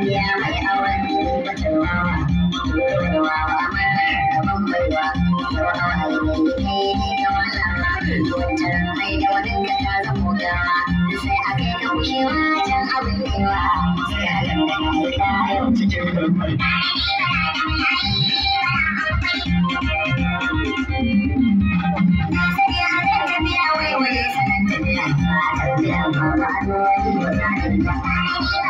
ya mai hawan mutum wawa, dole da wawa mana gaban baiwa, da wawa ai mai kai ne da a kai ka kushewa can abin kewa, sai a dangana ya ta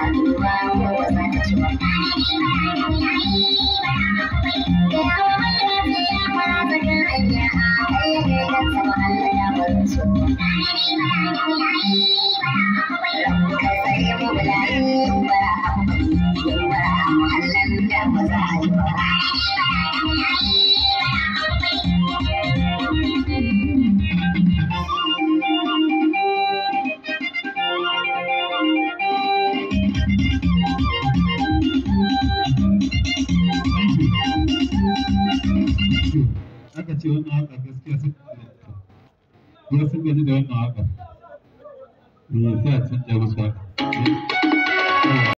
aka ce wannan haka gaskiya sai kuma sun da wannan haka eh, sai a